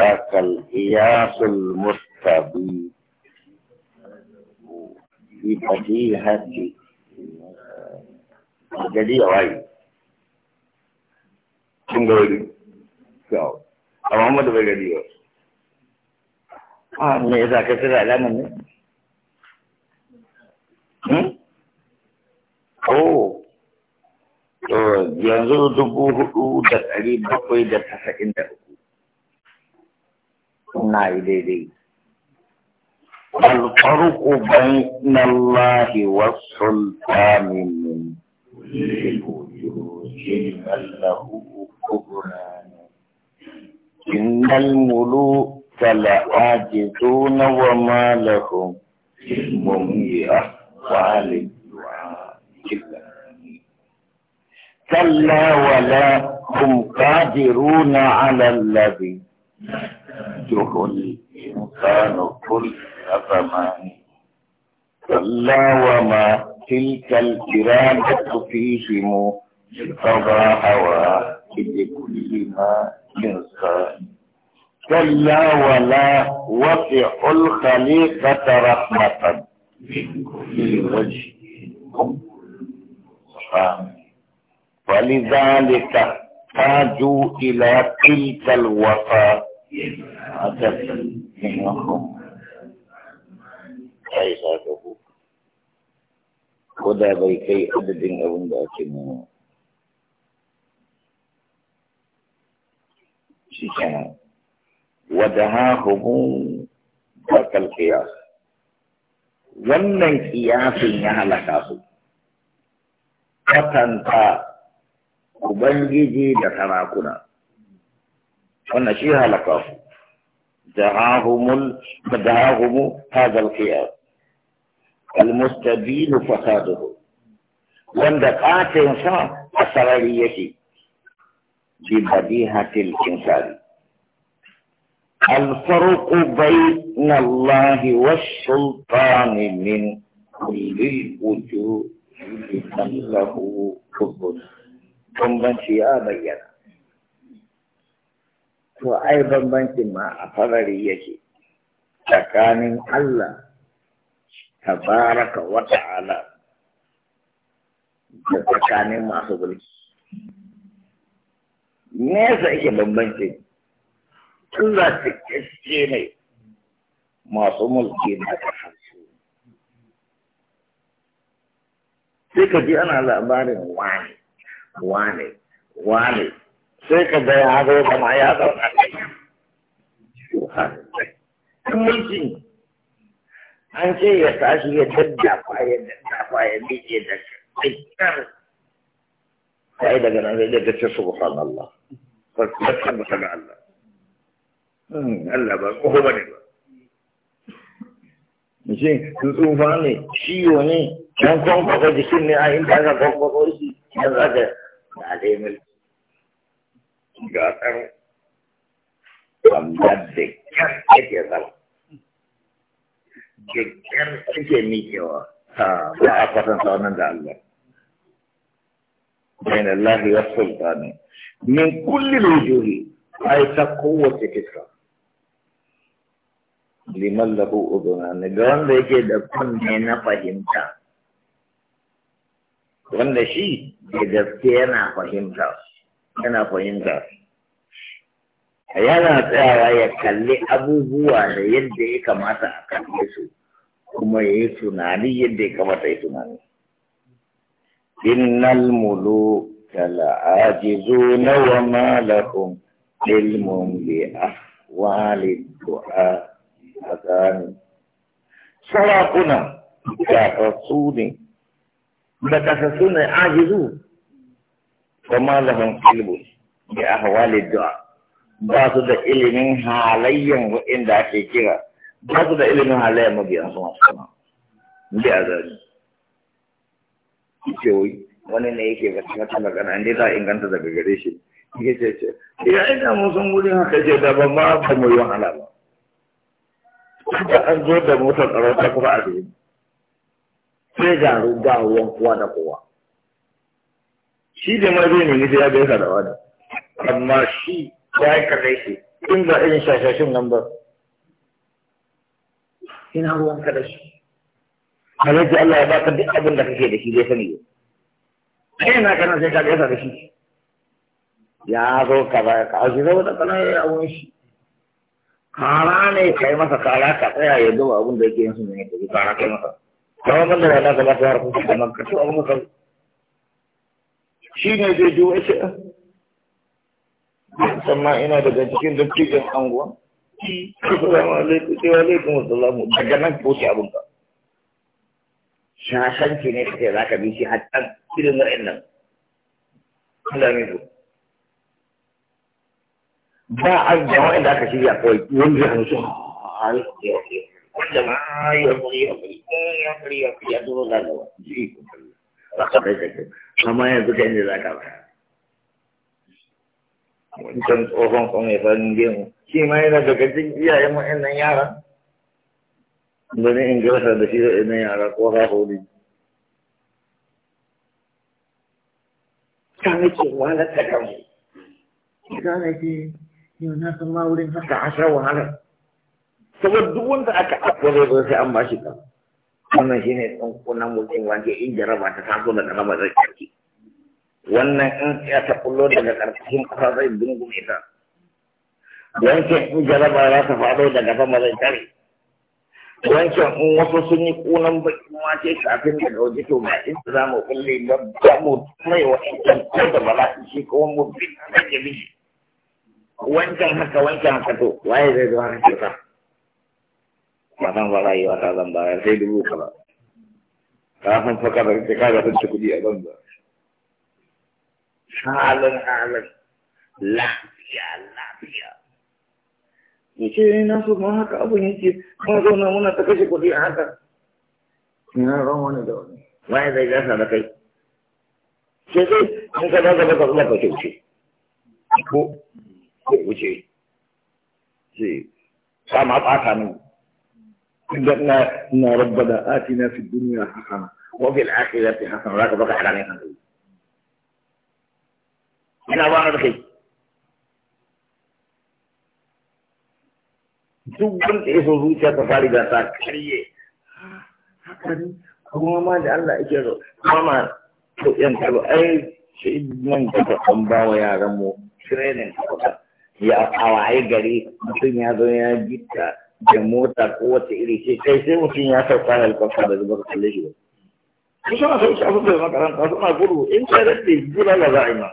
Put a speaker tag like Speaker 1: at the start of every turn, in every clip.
Speaker 1: ذاك الإياس المستبي في بديهة جدي غاي كم غادي شو أبو محمد بغادي يو آه من إذا كتير على من أو يانزو دبو دبو دبو دبو دبو دبو دبو na الفرق بين الله والسلطان من إن الملوك لعاجزون وما لهم علم بأحوال كلا ولا هم قادرون على الذي يحل الإنسان كل زمان كلا وما تلك الإرادة فيهم فضا هوى لكل ما إنسان كلا ولا وسع الخليقة رحمة من كل وجه ولذلك تاجوا إلى تلك الوفاء matar maimakon ya ko da bai kai adadin abin da ake nuna shi kenan wadda ha hukun bakal kiyas wannan kiyasin ya halaka su kwatanta ubangiji da sarakuna wannan shi halaka su دعاهم فدعاهم هذا القيام المستبين فساده واندقات انسان اثريته ببديهة الانسان الفرق بين الله والسلطان من كل الوجوه له حب ثم بيانا to ai bambancin ma a farari yake tsakanin Allah baraka wa ta'ala da tsakanin masu mulki me yasa yake bambancin, Allah cikakke ne masu mulki na ƙasa sai ka ji ana labarin wane wane wane sai ka ga ya zo kama ya zauna kan mulki an ce ya tashi ya daddafa ya daddafa ya miƙe da kyar sai daga nan zai ce subhanallah fasfasar da ga Allah hmm, Allah ba ƙoho ba ne ba tsufa ne, ciwo ne, jikin ne a inda aka kwankwasa shi, yan ga tsaro amma da kyar ake zama da kyar ake ha ba a kwatanta wannan da Allah bayan Allah ya sultani min kulli wujuhi ai ta kowace fiska liman lahu udunani ga wanda yake da kunne na fahimta wanda shi da gaske yana fahimta yana fahimta
Speaker 2: yana tsayawa ya
Speaker 1: kalli abubuwa da yadda ya kamata a kalle su kuma ya yi tunani yadda ya kamata ya tunani innal muluka na wa ma ilmun bi ahwali du'a azani
Speaker 2: sarakuna
Speaker 1: da su ne da kasasu ne ajizu وما da علم بأهوال الدعاء ba su da ilimin halayyan inda ake kira ba su da ilimin halayyan mabiyan su masu kuma bi a zari ce wai wani ne yake ba ta magana inda za a inganta daga gare shi yake ce ce ya ina mun san wurin haka ce da ba ma ba mu yi wahala ba kuma an zo da motar tsaro ta kuma a sai ga ruwa kuwa da kowa shi da ma zai nemi ya gaisa da wani amma shi ya yi kare shi in ba irin shashashin nan ba ina ruwan ka da shi
Speaker 2: halaji Allah ya baka duk abin da kake
Speaker 1: da shi zai sani kai na kana sai ka gaisa da shi ya zo ka ba ka aji zo da kana ya abun shi kara ne ka yi masa kara ka tsaya ya duba abin da yake yin su ne kara kai masa kawai ban da wala ka ba ta harkar da manka to abin ka shi ne zai ji wace ah, sannan ina daga cikin dattijan anguwa eh. alaikum wa daga nan ko shi abin ka shashanci ne kace za ka bi shi har cikin irin nan Allah ba a da wa'anda aka shirya kawai wanda ya mutu wanda ma ya ya ya ya ya ya ya ya ya ya ya ya ya ya ya ya amma yanzu kai ne za ka ba wancan tsohon ko mai farin gemu shi ma yana daga cikin iyayen wa'annan yara domin in gasa da shi da wa'annan yara ko ha hori ta nake wahalar ta kanmu ta nake yau na san ma wurin haka a sha wahalar saboda duk wanda aka akwai zai sai an ba shi kanmu wannan shi ne tsunkunan mutum wanda in jaraba ta taso da karama zai karki wannan in ya ta kullo daga ƙarƙashin kasa zai dungume ta
Speaker 2: wancan in jaraba za ta
Speaker 1: faɗo daga sama zai tare wancan in wasu sun yi ƙunan bakin wace kafin da waje to ba in za mu kulle ba za mu mai wancan ko da ba shi ko mu bi na ke bi wancan haka wancan haka to waye zai zo haka kyauta wannan rayuwa ta zan ya sai dubu kaza kafin fakar da ka ga ta kuɗi a banza halin halin lafiya lafiya yace ne na so ma haka abun yake kuma zauna muna ta kashe kuɗi a haka ina ran wani da wani waye zai gasa da kai sai dai in ka daga baka zuwa ka kyauce ko ko wuce sai sama ɓata mini عندنا ان ربنا اتنا في الدنيا حسنه وفي الاخره حسنه ولا تبقى حرام يا خالد انا وانا دخي دوبن ايزو روشا تفاري داتا كريي حقاني اقوما ما دي الله اجيرو ماما تو ينتبو اي شئيد من تبو امباو يا رمو شرينين تبو يا اوائي غري مطيني هذو يا جيتا da mota ko wata iri ce kai sai mutum ya sauka da alfafa da zubar kalle shi ba. Su suna sau shi abubuwa makaranta suna gudu in ka rage gura ba za a yi ma.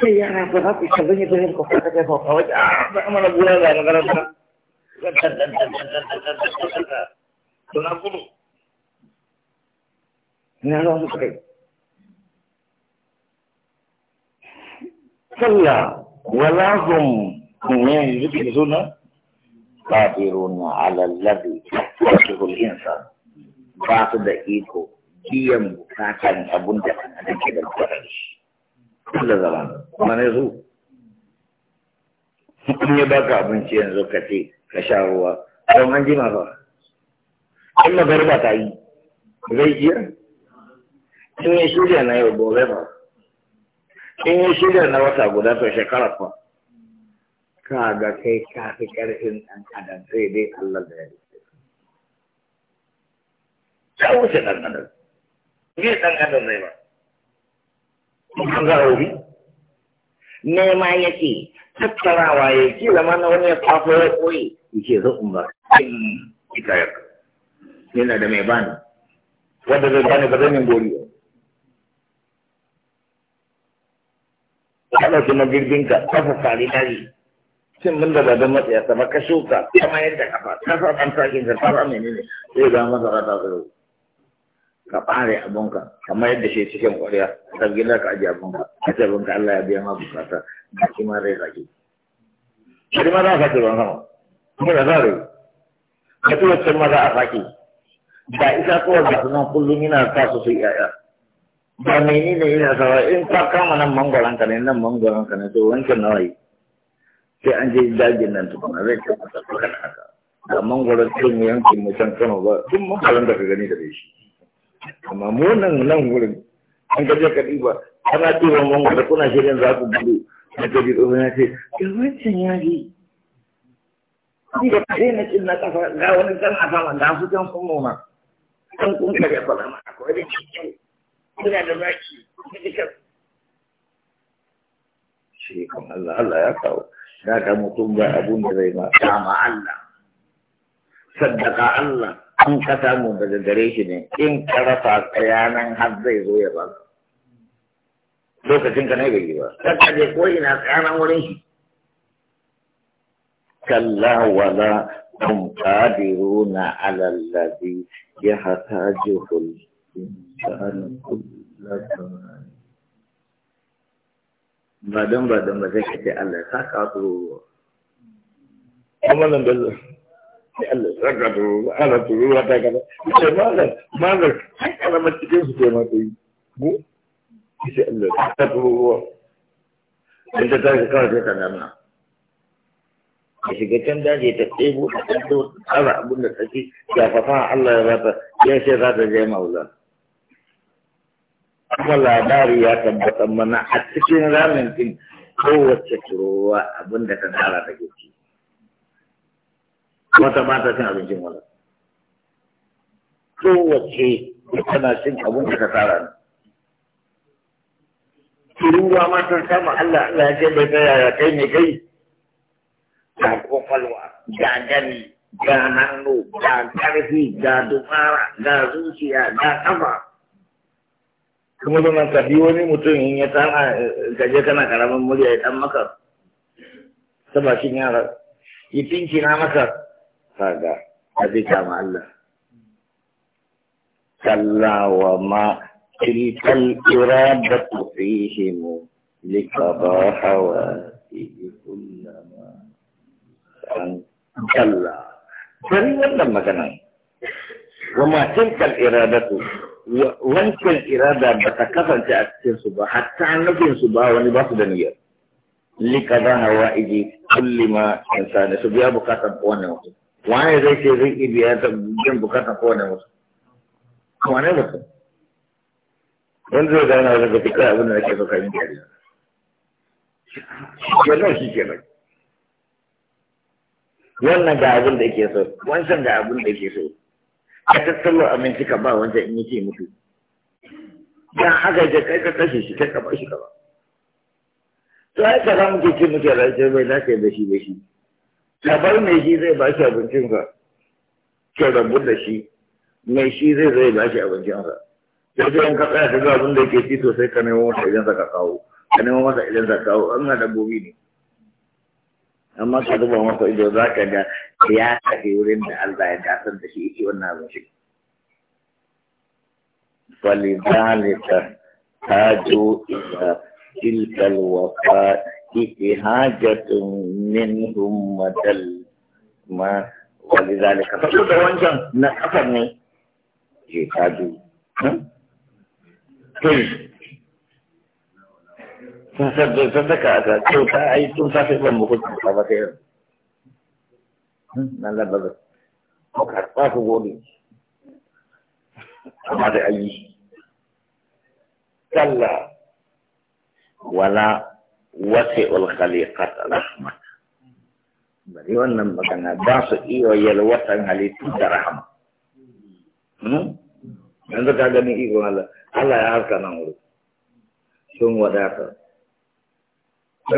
Speaker 1: Sai yara ba za ku shi zan yi ah, ta yin ta kai kofa wajen a ba mana gura za a makaranta. Suna gudu. Ina zan su kai. Sallah wala zum min zikir sunan قادر على الذي يحتاجه الانسان بعض دقيقه قيم وكاكل ابن دقن على كده القرش كل زمان من يزو من يبقى ابن شين زكتي كشاوة او من جي مرة اما غربة تاي زي جير ان يشيري انا يبقى غربة ان يشيري انا ka ga kai ka fi ƙarfin ɗan adam sai dai Allah da ya rike ta wuce ɗan adam me ɗan adam zai
Speaker 2: ba ga wuri
Speaker 1: nema ya ce. tattarawa ya ke zama na wani ya kwafo ya koyi yake zo in ba ita ya yana da mai bani wanda zai bani ba zan yin gori ba ka Kuma magirginka kafa sari dari cin mun da badan matsayasa ba ka shuka kama yadda kafa kafa kan sakin ka fara menene sai ga masara ta zo ka ɓare bare ka, kamar yadda shi cikin ƙwarya ta gida ka ajiye abunka ka ce abunka Allah ya biya ma bukata da shi ma rai zaki shi ma za ka ce ban sama kuma da zare ka ci wacce ma za a saki
Speaker 2: da isa kowa da
Speaker 1: sunan kullum yana sa su su yaya ba menene yana sa in ka kama nan mangwaron ka ne nan mangwaron ka ne to wancan nawa yi sai an je dajin nan tukuna zai ce masa kan haka yankin mutan kano ba tun makaran da ka gani da shi amma mu nan nan wurin an gaje ka diba ana diba kuna shirin za ku gudu na ta tsohon ya ce yawancin yaji ni cin na kafa wani kan a fama da su kan nuna kan kun fara ma akwai da da zaki Allah Allah ya kawo ذاك مطمبا ابونا زي ما قام الله صدق الله ان كتم بدريشني ان كرفع كيانا حتى يزوي الرب لو كتم كان يجي بقى كوينا كان وريش كلا ولا هم قادرون على الذي يحتاجه الانسان كل ذنب ba don ba don ba zai kace Allah ya saka su kuma nan da zai Allah ya saka su ana turu ta kaza ce malam malam sai kana matikin su kenan kai mu sai Allah ya saka su inda ta ga kawai sai ta nan ka shiga can daji ta tsebo ta tsebo tsara abin da take ya fafa Allah ya zata ya ce za ta je maula kuma labari ya tabbatar mana a cikin ramin din kowace turowa abin da ta tara ta ci wata ba ta cin abincin wani kowace tana cin abin da ta tara ne turuwa ma ta sama Allah Allah ya ce bai ta yaya kai ne kai ga kofalwa ga gani ga hannu ga ƙarfi ga dumara, ga zuciya ga kafa kuma zama ka bi wani mutum in ya kama gaje kana karamin murya ya dan maka ta bakin yara yi tinki na maka kaga a zai kama Allah kalla wa ma tilkal iradatu fihim likabaha wa kullama an kalla bari wannan magana wa ma tilkal iradatu wancan irada ba ta kasance a cikin su ba hatta nufin su ba wani ba su da niyyar lika za hawa iji kulli ma insani su biya bukatar kowane wasu. Wani zai ce zai iya biya ta biyan bukatar kowane wasu. kowane mutum wanda zai gana zai fika abin da ke sauka kamin gari kenan shi kenan wannan ga abin da ke so wancan ga abin da ke so
Speaker 2: a tattalin Aminci
Speaker 1: ka ba wanda in yake mutu ya haka da kai ka kashe shi kai ka ba shi ka to ai ka samu ke ce muke rajin bai lafiya da shi bashi shi bar mai shi zai ba shi abincinsa ke rabu da shi mai shi zai zai ba shi abincinsa ka dai zai yanka tsaya ka ga abin da yake ci to sai ka nemo masa idan ka kawo ka nemo masa idan ka kawo an ga dabbobi ne amma ka duba masa ido za ka ga ya tafi wurin da Allah ya gasar da shi ita wannan abin shi falidalika tajo ila tilkal wafa iki hajatun minhum madal ma walidalika saboda wancan na kafar ne je tajo hmm? kai sun sadda sadaka ta kyauta ai tun safe ban mu kuka ta ba ta yau hmm. nan da bazar ko karɓa ku gode amma da ayi kalla wala wasi'ul khaliqat rahmat bari wannan magana ba su iya yalwatan halittu da rahama hmm? yanzu ka gani iko Allah Allah ya harka nan wuri sun wadata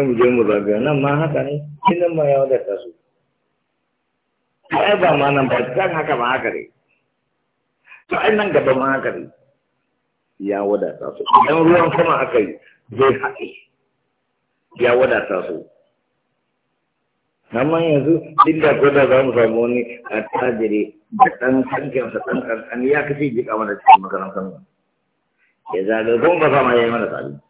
Speaker 1: muje mu je mu zagaya nan ma haka ne nan ma ya wadata su ai ba ma nan ba kan haka ma haka ne to ai nan gaba ma haka ne ya wadata su idan ruwan sama aka yi zai haɗe ya wadata su amma yanzu duk da ko da za mu samu wani a tajiri da ɗan sa ɗan ƙarƙani ya kashe jiƙa mana cikin makarantar mu. ya zaga kuma ba za mu ya yi mana tsari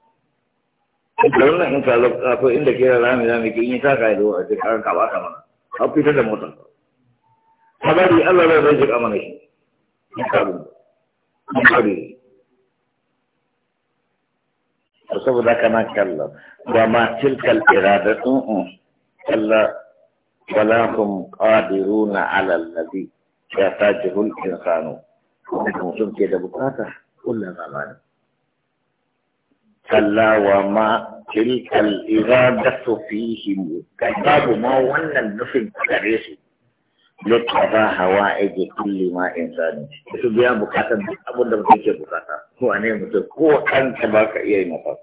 Speaker 1: garin nan in ka zo akwai inda ke da rami rami ke in ta ka zo a ce karan ka ba ka mana ka fita da motar ka bari Allah bai rage ka mana shi in ka bin in ka bin saboda kana kallon wa ma tilkal iradatu mm, kalla wala hum qadiruna ala alladhi yatajihu al-insanu mutum ke da bukata kullum zamani فلا وما تلك الإرادة فيهم باب ما ولا النفل كريس هذا هوائج كل ما إنسان تبيا بكاتا أبو دمتك بكاتا هو أنه مطلق هو كان تباك إيه مطلق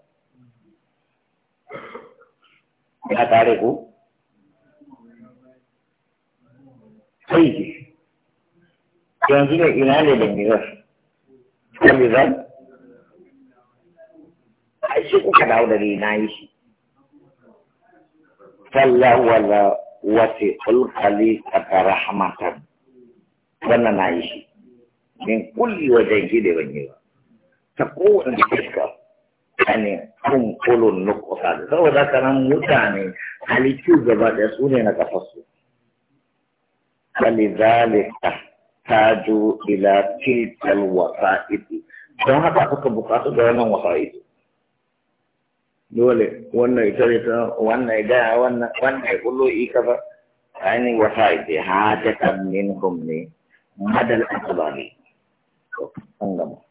Speaker 1: ما تعرفه طيب كان تلك إنالي بالنظر كم إذن ai shi kuka dawo da ni na yi shi talla wala wasi ulkali rahmatan wannan na yi shi min kulli wajen gida ban yi ba ta kowane fuska ne kun kulun nukusa da saboda kanan mutane halittu gaba da su ne na kafasu falizalika taju ila tilkal wasa'iti don haka suka bukatu da wannan wasa'iti dole wannan ita ne ta wannan ya gaya wannan wannan ya kullo ika ba ainihin wata ita hajjatan minhum ne madal asbari an gama